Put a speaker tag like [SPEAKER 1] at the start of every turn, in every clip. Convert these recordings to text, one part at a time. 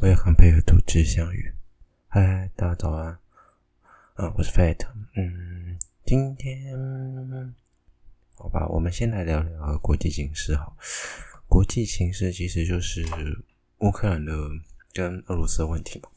[SPEAKER 1] 我也很配合土質相遇，嗨，大家早安啊，嗯，我是 Fate，嗯，今天好吧，我們先來聊聊國際形勢哈。國際形勢其實就是烏克蘭的跟俄羅斯的問題嘛。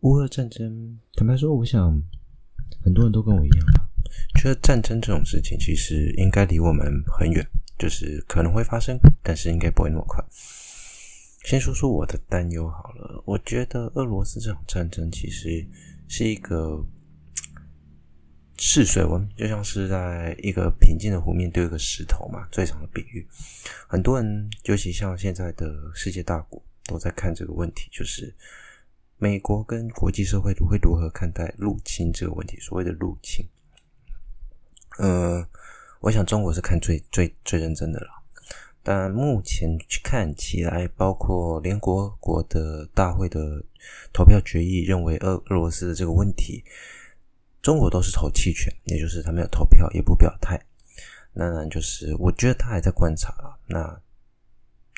[SPEAKER 1] 烏俄戰爭，坦白說，我想很多人都跟我一樣吧，覺得戰爭這種事情其實應該離我們很遠，就是可能會發生，但是應該不會那麼快。先說說我的擔憂好了。我覺得俄羅斯這場戰爭其實是一個試水溫，就像是在一個平靜的湖面丟一個石頭嘛，最常的比喻。很多人，尤其像現在的世界大國，都在看這個問題，就是美國跟國際社會會如何看待入侵這個問題。所謂的入侵，呃，我想中國是看最最最認真的了。但目前看起來，包括聯合國、國的大會的投票決議，認為俄俄羅斯的這個問題，中國都是投棄權，也就是他沒有投票，也不表態。那那就是，我覺得他還在觀察啊。那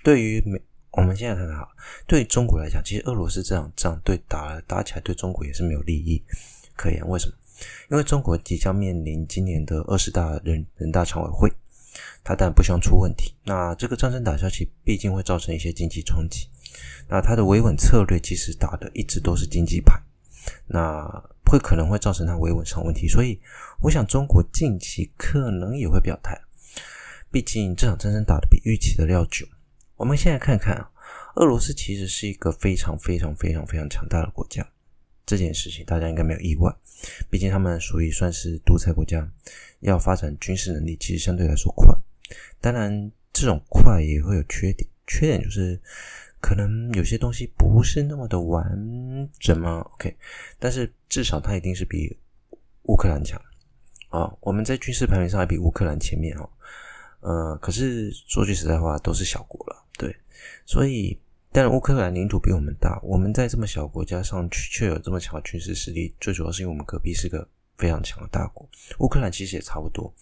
[SPEAKER 1] 對於美，我們現在看看哈，對於中國來講，其實俄羅斯這場仗對打了打起來，對中國也是沒有利益可言。為什麼？因為中國即將面臨今年的二十大人人大常委會。他但不想出問題，那這個戰爭打下去，畢竟會造成一些經濟衝擊。那他的維穩策略其實打的一直都是經濟牌，那會可能會造成他維穩上問題。所以，我想中國近期可能也會表態，畢竟這場戰爭打的比預期的要久。我們現在看看啊，俄羅斯其實是一個非常非常非常非常強大的國家，這件事情大家應該沒有意外，畢竟他們屬於算是獨裁國家，要發展軍事能力其實相對來說快。當然，這種快也會有缺點，缺點就是可能有些東西不是那麼的完整嗎？OK，但是至少它一定是比烏克蘭強啊。我們在軍事排名上還比烏克蘭前面哦。呃，可是說句實在話，都是小國了，對。所以，但烏克蘭領土比我們大，我們在這麼小國家上卻有這麼強的軍事實力，最主要是因為我們隔壁是個非常強的大國。烏克蘭其實也差不多。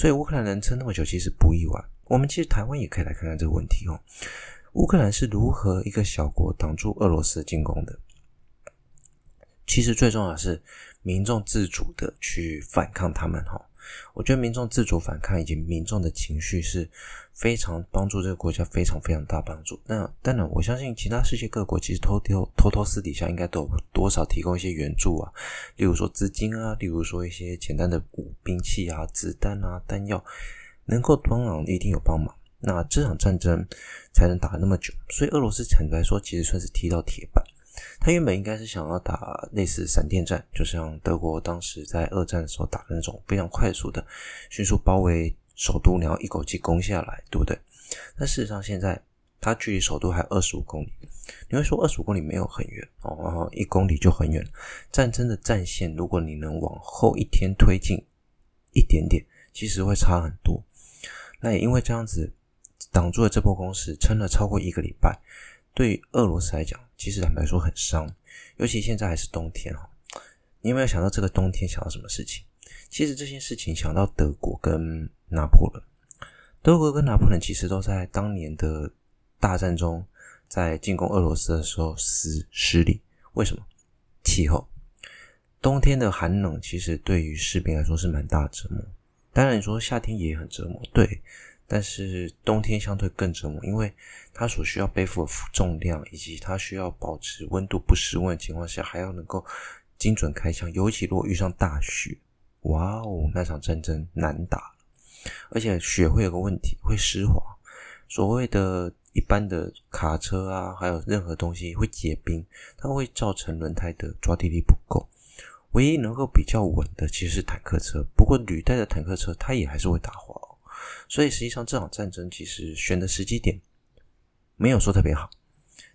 [SPEAKER 1] 所以烏克蘭能撐那麼久，其實不意外。我們其實台灣也可以來看看這個問題哦。烏克蘭是如何一個小國擋住俄羅斯進攻的？其實最重要的是民眾自主的去反抗他們哈。我覺得民眾自主反抗以及民眾的情緒是非常幫助這個國家，非常非常大幫助。那當然，我相信其他世界各國其實偷偷偷偷私底下應該都有多少提供一些援助啊，例如說資金啊，例如說一些簡單的武兵器啊、子彈啊、彈藥，能夠幫忙一定有幫忙。那這場戰爭才能打那麼久，所以俄羅斯坦白說，其實算是踢到鐵板。他原本應該是想要打類似閃電戰，就像德國當時在二戰的時候打的那種非常快速的、迅速包圍首都，你要一口氣攻下來，對不對？但事實上，現在他距離首都還有二十五公里。你會說二十五公里沒有很遠哦，然後一公里就很遠。戰爭的戰線，如果你能往後一天推進一點點，其實會差很多。那也因為這樣子擋住了這波攻勢，撐了超過一個禮拜。對於俄羅斯來講，其實坦白說很傷，尤其現在還是冬天哈。你有沒有想到這個冬天想到什麼事情？其實這些事情想到德國跟拿破崙，德國跟拿破崙其實都在當年的大戰中，在進攻俄羅斯的時候失失利。為什麼？氣候，冬天的寒冷其實對於士兵來說是蠻大的折磨。當然你說夏天也很折磨，對。但是冬天相對更折磨，因為它所需要背負的重量，以及它需要保持溫度不失溫的情況下，還要能夠精準開槍。尤其如果遇上大雪，哇哦，那場戰爭難打。而且雪會有個問題，會濕滑。所謂的一般的卡車啊，還有任何東西會結冰，它會造成輪胎的抓地力不夠。唯一能夠比較穩的其實是坦克車，不過履帶的坦克車它也還是會打滑。所以實際上，這場戰爭其實選的時機點沒有說特別好。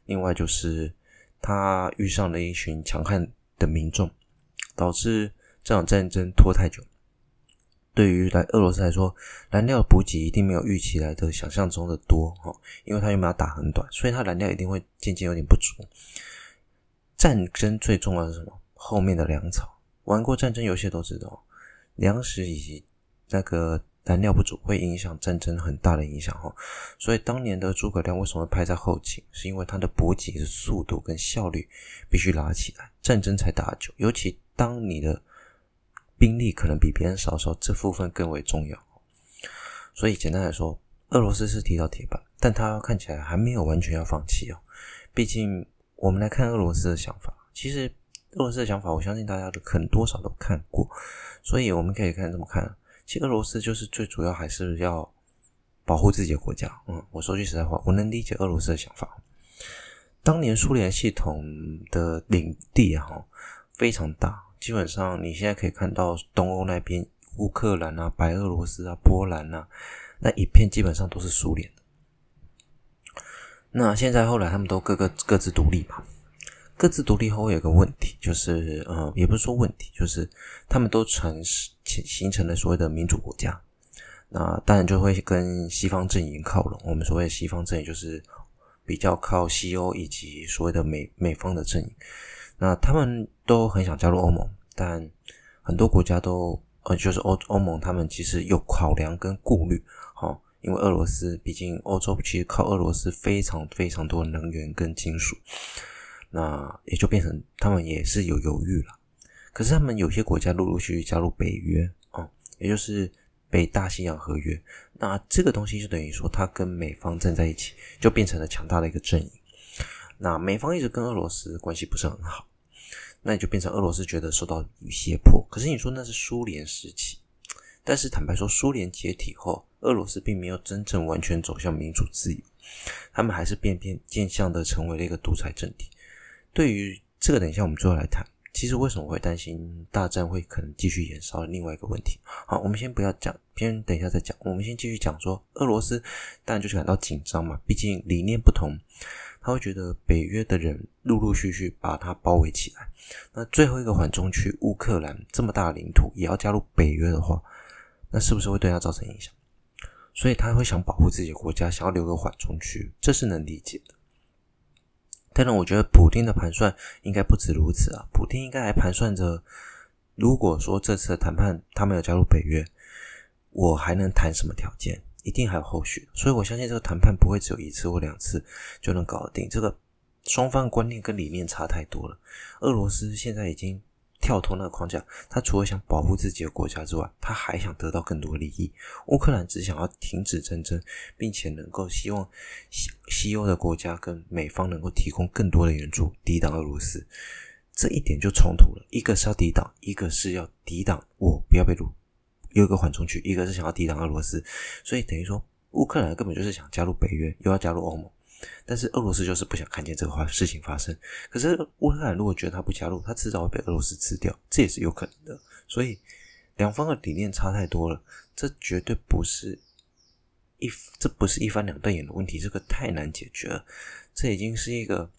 [SPEAKER 1] 另外就是他遇上了一群強悍的民眾，導致這場戰爭拖太久。對於來俄羅斯來說，燃料補給一定沒有預期來的想象中的多哈，因為他又沒有打很短，所以他燃料一定會漸漸有點不足。戰爭最重要的是什麼？後面的糧草。玩過戰爭遊戲都知道，糧食以及那個。燃料不足會影響戰爭很大的影響哈，所以當年的諸葛亮為什麼會排在後勤，是因為他的補給的速度跟效率必須拉起來，戰爭才打久。尤其當你的兵力可能比別人少的時候，這部分更為重要。所以簡單來說，俄羅斯是踢到鐵板，但他看起來還沒有完全要放棄哦。畢竟我們來看俄羅斯的想法，其實俄羅斯的想法，我相信大家都可能多少都看過，所以我們可以看這麼看。其實俄羅斯就是最主要，還是要保護自己的國家。嗯，我說句實在話，我能理解俄羅斯的想法。當年蘇聯系統的領地哈、哦、非常大，基本上你現在可以看到東歐那邊烏克蘭啊、白俄羅斯啊、波蘭啊那一片，基本上都是蘇聯的。那現在後來他們都各個各自獨立吧，各自獨立後有個問題，就是嗯，也不是說問題，就是他們都嘗形形成了所謂的民主國家，那當然就會跟西方陣營靠攏。我們所謂西方陣營，就是比較靠西歐以及所謂的美美方的陣營。那他們都很想加入歐盟，但很多國家都呃，就是歐歐盟，他們其實有考量跟顧慮。齁，因為俄羅斯畢竟歐洲其實靠俄羅斯非常非常多能源跟金屬，那也就變成他們也是有猶豫了。可是他們有些國家陸陸續續加入北約啊、哦，也就是北大西洋合約。那這個東西就等於說，他跟美方站在一起，就變成了強大的一個陣營。那美方一直跟俄羅斯關係不是很好，那也就變成俄羅斯覺得受到脅迫。可是你說那是蘇聯時期，但是坦白說，蘇聯解體後，俄羅斯並沒有真正完全走向民主自由，他們還是變變變相的成為了一個獨裁政體。對於這個，等一下我們最後來談。其實為什麼會擔心大戰會可能繼續延燒？另外一個問題，好，我們先不要講，先等一下再講。我們先繼續講說，俄羅斯當然就是感到緊張嘛，畢竟理念不同，他會覺得北約的人陸陸續續把他包圍起來。那最後一個緩衝區，烏克蘭這麼大的領土，也要加入北約的話，那是不是會對他造成影響？所以他會想保護自己的國家，想要留個緩衝區，這是能理解的。但是我覺得普丁的盤算應該不止如此啊，普丁應該還盤算着，如果說這次的談判他沒有加入北約，我還能談什麼條件？一定還有後續。所以我相信這個談判不會只有一次或兩次就能搞定，這個雙方觀念跟理念差太多了。俄羅斯現在已經。跳脫那個框架，他除了想保護自己的國家之外，他還想得到更多的利益。烏克蘭只想要停止戰爭，並且能夠希望西西歐的國家跟美方能夠提供更多的援助，抵擋俄羅斯。這一點就衝突了，一個是要抵擋，一個是要抵擋我不要被入，有一個緩衝區，一個是想要抵擋俄羅斯，所以等於說烏克蘭根本就是想加入北約，又要加入歐盟。但是俄羅斯就是不想看見這個話事情發生。可是烏克蘭如果覺得他不加入，他遲早會被俄羅斯吃掉，這也是有可能的。所以兩方的理念差太多了，這絕對不是一，這不是一翻兩瞪眼的問題，這個太難解決了。這已經是一個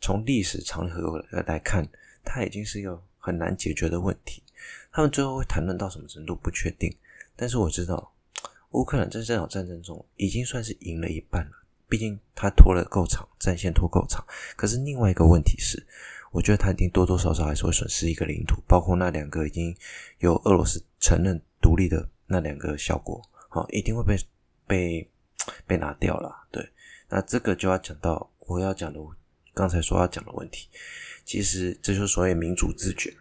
[SPEAKER 1] 從歷史長河來看，它已經是一個很難解決的問題。他們最後會談論到什麼程度不確定，但是我知道烏克蘭在這場戰爭中已經算是贏了一半了。畢竟他拖了夠長，戰線拖夠長，可是另外一個問題是，我覺得他一定多多少少還是會損失一個領土，包括那兩個已經由俄羅斯承認獨立的那兩個小國，好、哦，一定會被被被拿掉了。對，那這個就要講到我要講的，剛才說要講的問題。其實這就是所謂民主自決。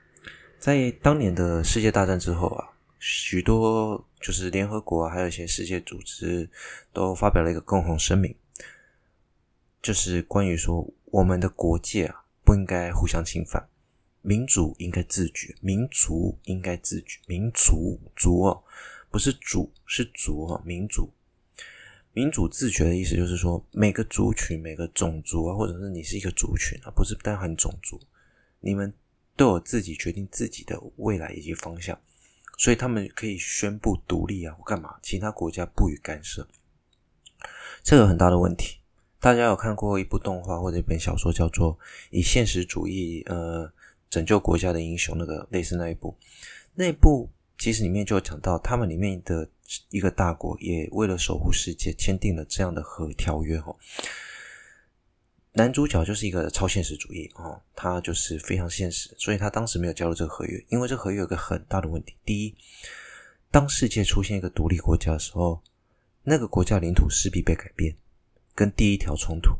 [SPEAKER 1] 在當年的世界大戰之後啊，許多就是聯合國、啊、還有一些世界組織都發表了一個共同聲明。就是關於說，我們的國界啊，不應該互相侵犯。民主應該自決，民族應該自決，民族族哦，不是主，是族哦，民族。民族自決的意思就是說，每個族群、每個種族啊，或者是你是一個族群啊，不是包含種族，你們都有自己決定自己的未來以及方向，所以他們可以宣布獨立啊，或幹嘛，其他國家不予干涉。這個很大的問題。大家有看過一部動畫或者一本小說，叫做《以現實主義呃拯救國家的英雄》，那個類似那一部，那一部其實裡面就有講到，他們裡面的一個大國也為了守護世界，簽訂了這樣的和條約吼。男主角就是一個超現實主義哦，他就是非常現實，所以他當時沒有加入這個合約，因為這個合約有個很大的問題：第一，當世界出現一個獨立國家的時候，那個國家領土勢必被改變。跟第一條衝突，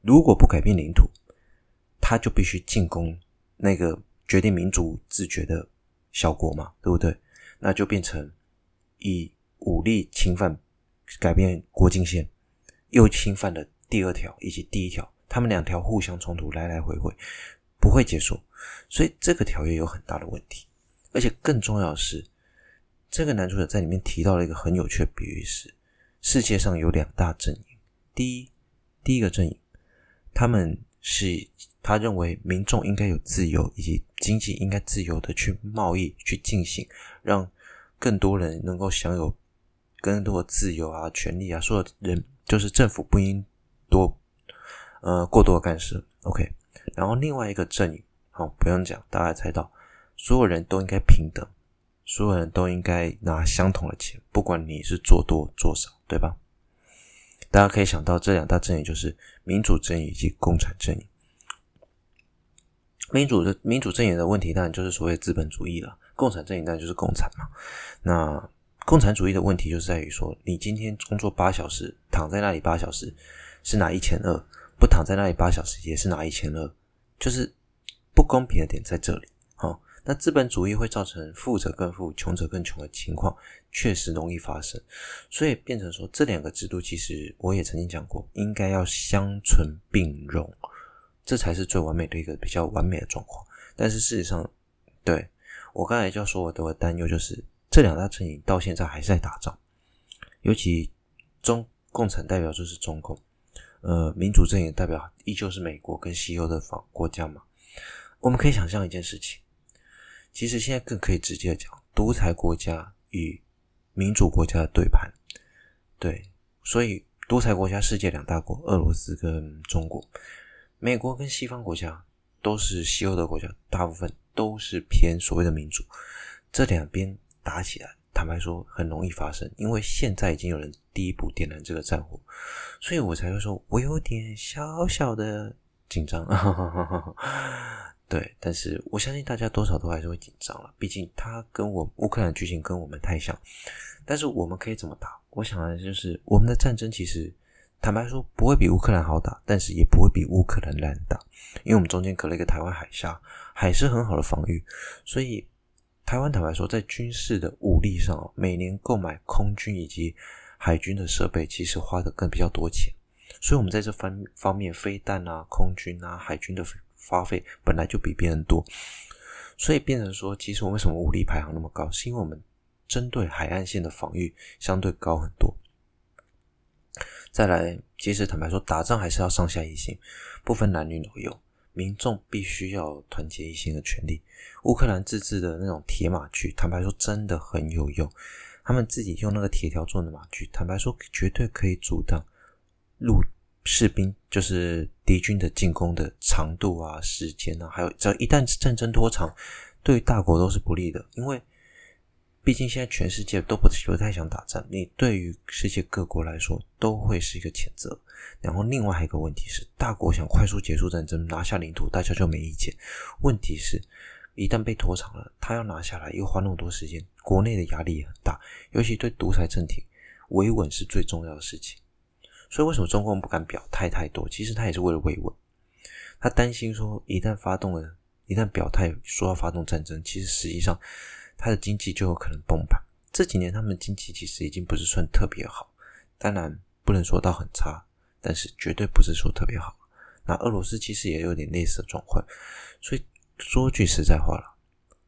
[SPEAKER 1] 如果不改變領土，他就必須進攻那個決定民族自決的小國嘛，對不對？那就變成以武力侵犯，改變國境線，又侵犯了第二條以及第一條，他們兩條互相衝突，來來回回不會結束，所以這個條約有很大的問題。而且更重要的是，這個男主角在裡面提到了一個很有趣的比喻是，是世界上有兩大陣營。第一，第一個陣營，他們是，他們認為民眾應該有自由，以及經濟應該自由的去貿易、去進行，讓更多人能夠享有更多的自由啊、權利啊。所有人就是政府不應多呃過多的干涉。OK。然後另外一個陣營，好，不用講，大家猜到，所有人都應該平等，所有人都應該拿相同的錢，不管你是做多做少，對吧？大家可以想到這兩大陣營就是民主陣營以及共產陣營。民主的民主陣營的問題，當然就是所謂資本主義了；共產陣營，當然就是共產嘛。那共產主義的問題，就是在於說，你今天工作八小時，躺在那裡八小時是拿一千二，不躺在那裡八小時也是拿一千二，就是不公平的點在這裡。那資本主義會造成富者更富、窮者更窮的情況，確實容易發生，所以變成說這兩個制度，其實我也曾經講過，應該要相存並融，這才是最完美的一個比較完美的狀況。但是事實上，對，我剛才就要說我的擔憂就是，這兩大陣營到現在還是在打仗，尤其中，共產代表就是中共，呃，民主陣營代表依舊是美國跟西歐的方國家嘛。我們可以想象一件事情。其實現在更可以直接的講，獨裁國家與民主國家的對盤，對，所以獨裁國家世界兩大國俄羅斯跟中國，美國跟西方國家都是西歐的國家，大部分都是偏所謂的民主，這兩邊打起來，坦白說很容易發生，因為現在已經有人第一步點燃這個戰火，所以我才會說我有點小小的緊張。 對，但是我相信大家多少都還是會緊張了，畢竟它跟我烏克蘭的劇情跟我們太像。但是我們可以怎麼打？我想的就是我們的戰爭其實坦白說不會比烏克蘭好打，但是也不會比烏克蘭難打，因為我們中間隔了一個台灣海峽，海是很好的防禦。所以台灣坦白說，在軍事的武力上，每年購買空軍以及海軍的設備，其實花得更比較多錢。所以我們在這方方面，飛彈啊，空軍啊，海軍的。花費本來就比別人多，所以變成說，其實我們為什麼武力排行那麼高，是因為我們針對海岸線的防禦相對高很多。再來，其實坦白說，打仗還是要上下一心，不分男女老幼，民眾必須要團結一心的權利。烏克蘭自制的那種鐵馬具，坦白說真的很有用，他們自己用那個鐵條做的馬具，坦白說絕對可以阻擋路。士兵就是敵軍的進攻的長度啊、時間啊，還有只要一旦戰爭拖長，對於大國都是不利的。因為畢竟現在全世界都不不太想打仗，你對於世界各國來說都會是一個譴責。然後另外還有一個問題是，大國想快速結束戰爭、拿下領土，大家就沒意見。問題是，一旦被拖長了，他要拿下來又花那麼多時間，國內的壓力也很大，尤其對獨裁政體，維穩是最重要的事情。所以為什麼中共不敢表態太多？其實他也是為了維穩，他擔心說一旦發動了，一旦表態說要發動戰爭，其實實際上他的經濟就有可能崩盤。這幾年他們經濟其實已經不是算特別好，當然不能說到很差，但是絕對不是說特別好。那俄羅斯其實也有點類似的狀況，所以說句實在話了，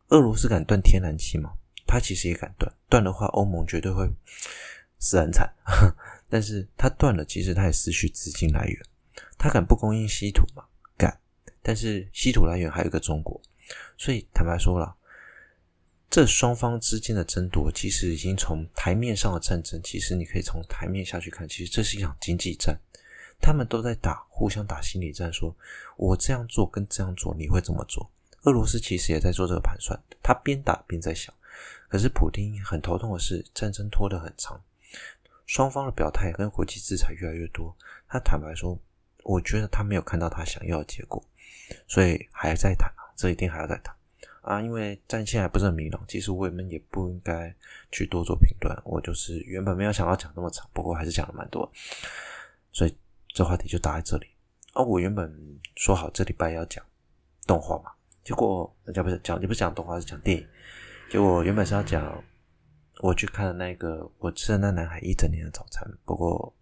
[SPEAKER 1] 俄羅斯敢斷天然氣嗎？他其實也敢斷，斷的話歐盟絕對會。是很慘，但是他斷了，其實他也失去資金來源。他敢不供應稀土嗎？敢。但是稀土來源還有一個中國，所以坦白說了，這雙方之間的爭奪，其實已經從台面上的戰爭，其實你可以從台面下去看，其實這是一場經濟戰。他們都在打，互相打心理戰，說我這樣做跟這樣做，你會怎麼做？俄羅斯其實也在做這個盤算，他邊打邊在想。可是普丁很頭痛的是，戰爭拖得很長。雙方的表態跟國際制裁越來越多，他坦白說，我覺得他沒有看到他想要的結果，所以還要再談，這一定還要再談啊，因為戰線還不是很明朗。其實我們也不應該去多做評論。我就是原本沒有想要講那麼長，不過還是講了蠻多的，所以這話題就打在這裡。啊，我原本說好這禮拜要講動畫嘛，結果人家不是講你不是講動畫是講電影，結果原本是要講。我去看了那個我吃了那男孩一整年的早餐。不過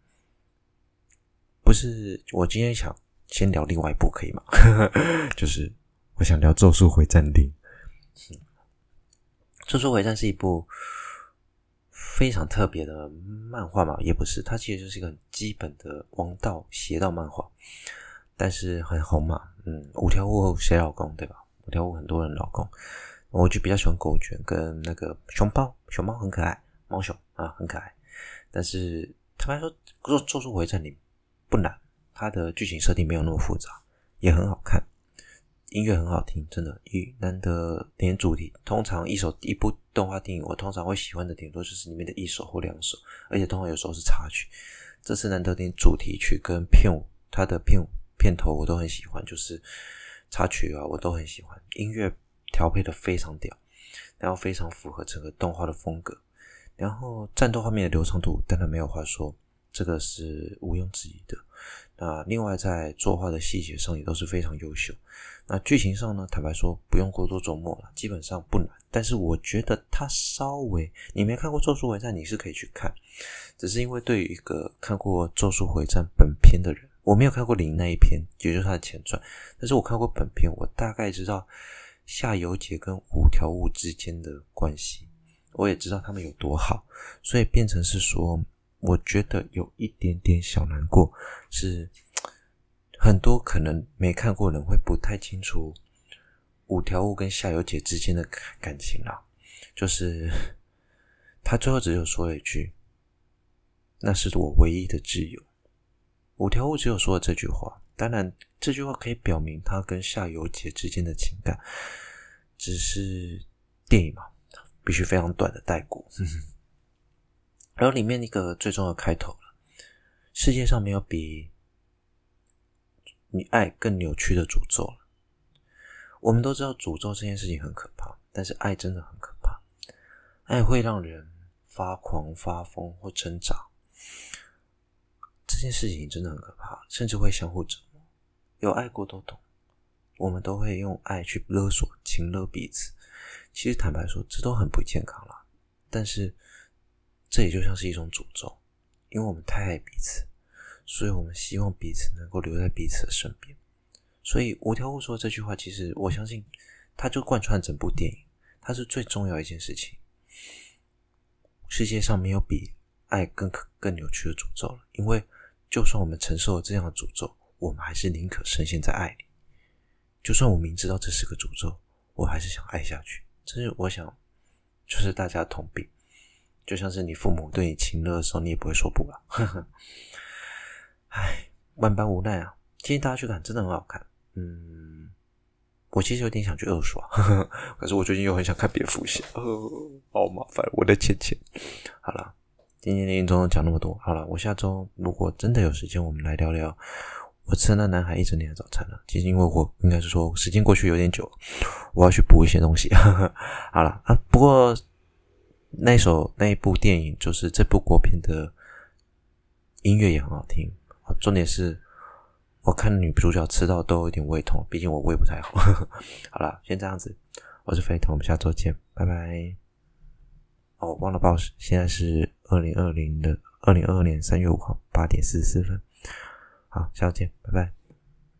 [SPEAKER 1] 不是，我今天想先聊另外一部可以嗎？ 就是我想聊咒《咒術迴戰》零。《咒術迴戰》是一部非常特別的漫畫嘛，也不是，它其實就是一個很基本的王道邪道漫畫，但是很紅嘛。嗯，五條悟誰老公對吧？五條悟很多人老公。我就比較喜歡狗卷跟那個熊貓，熊貓很可愛，貓熊啊很可愛。但是他們說咒咒術迴戰裡不難，它的劇情設定沒有那麼複雜，也很好看，音樂很好聽，真的。一難得連主題，通常一首一部動畫電影，我通常會喜歡的頂多就是裡面的一首或兩首，而且通常有時候是插曲。這次難得連主題曲跟片尾，它的片片頭我都很喜歡，就是插曲啊我都很喜歡音樂調配的非常屌，然後非常符合整個動畫的風格，然後戰鬥畫面的流暢度，當然沒有話說，這個是毋庸置疑的。那另外在作畫的細節上也都是非常優秀。那劇情上呢，坦白說不用過多琢磨了，基本上不難。但是我覺得他稍微，你沒看過《咒術迴戰》，你是可以去看，只是因為對於一個看過《咒術迴戰》本片的人，我沒有看過零那一篇，也就是他的前傳，但是我看過本片，我大概知道夏油傑跟五條悟之間的關係，我也知道他們有多好，所以變成是說，我覺得有一點點小難過，是很多可能沒看過人會不太清楚五條悟跟夏油傑之間的感情啦、啊，就是他最後只有說了一句：“那是我唯一的摯友。”五條悟只有說了這句話。當然，這句話可以表明他跟夏油傑之間的情感，只是電影嘛，必須非常短的帶過。嗯、然後裡面一個最重要的開頭了：世界上沒有比你愛更扭曲的詛咒了。我們都知道詛咒這件事情很可怕，但是愛真的很可怕，愛會讓人發狂、發瘋或掙扎。這件事情真的很可怕，甚至會相互折磨。有愛過都懂，我們都會用愛去勒索、情勒彼此。其實坦白說，這都很不健康啦。但是，這也就像是一種詛咒，因為我們太愛彼此，所以我們希望彼此能夠留在彼此的身邊。所以，五條悟說的這句話，其實我相信，它就貫穿整部電影，它是最重要一件事情。世界上沒有比愛更更有趣的詛咒了，因為就算我們承受了這樣的詛咒。我們還是寧可深陷在愛裡，就算我明知道這是個詛咒，我還是想愛下去。這是我想，就是大家同病，就像是你父母對你親熱的時候，你也不會說不、啊、呵呵，哎，萬般無奈啊！今天大家去看，真的很好看。嗯，我其實有點想去二刷呵呵，可是我最近又很想看蝙蝠俠，好麻煩我的錢錢。好了，今天電影中講那麼多，好了，我下周如果真的有時間，我們來聊聊。我吃了那男孩一整天的早餐了，其實因為我應該是說時間過去有點久，我要去補一些東西。 好了啊，不過那首那一部電影就是這部國片的音樂也很好聽。重點是，我看女主角吃到都有點胃痛，畢竟我胃不太好。 好了，先這樣子，我是飛騰，我們下周見，拜拜。哦，忘了報時，現在是二零二零的二零二二年三月五號八點四十四分。好，下期見，拜拜。